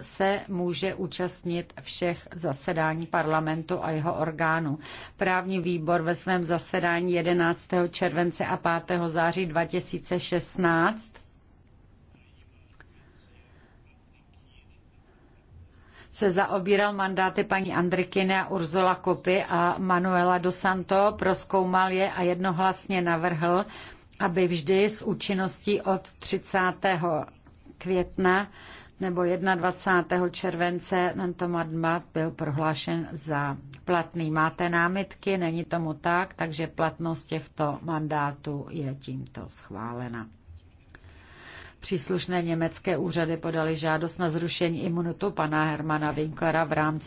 se může účastnit všech zasedání parlamentu a jeho orgánů. Právní výbor ve svém zasedání 11. července a 5. září 2016 se zaobíral mandáty paní Andrikine a Urzola Kopy a Manuela Dosanto, proskoumal je a jednohlasně navrhl, aby vždy s účinností od 30 května nebo 21. července tento mandát byl prohlášen za platný. Máte námitky, není tomu tak, takže platnost těchto mandátů je tímto schválena. Příslušné německé úřady podaly žádost na zrušení imunitu pana Hermana Winklera v rámci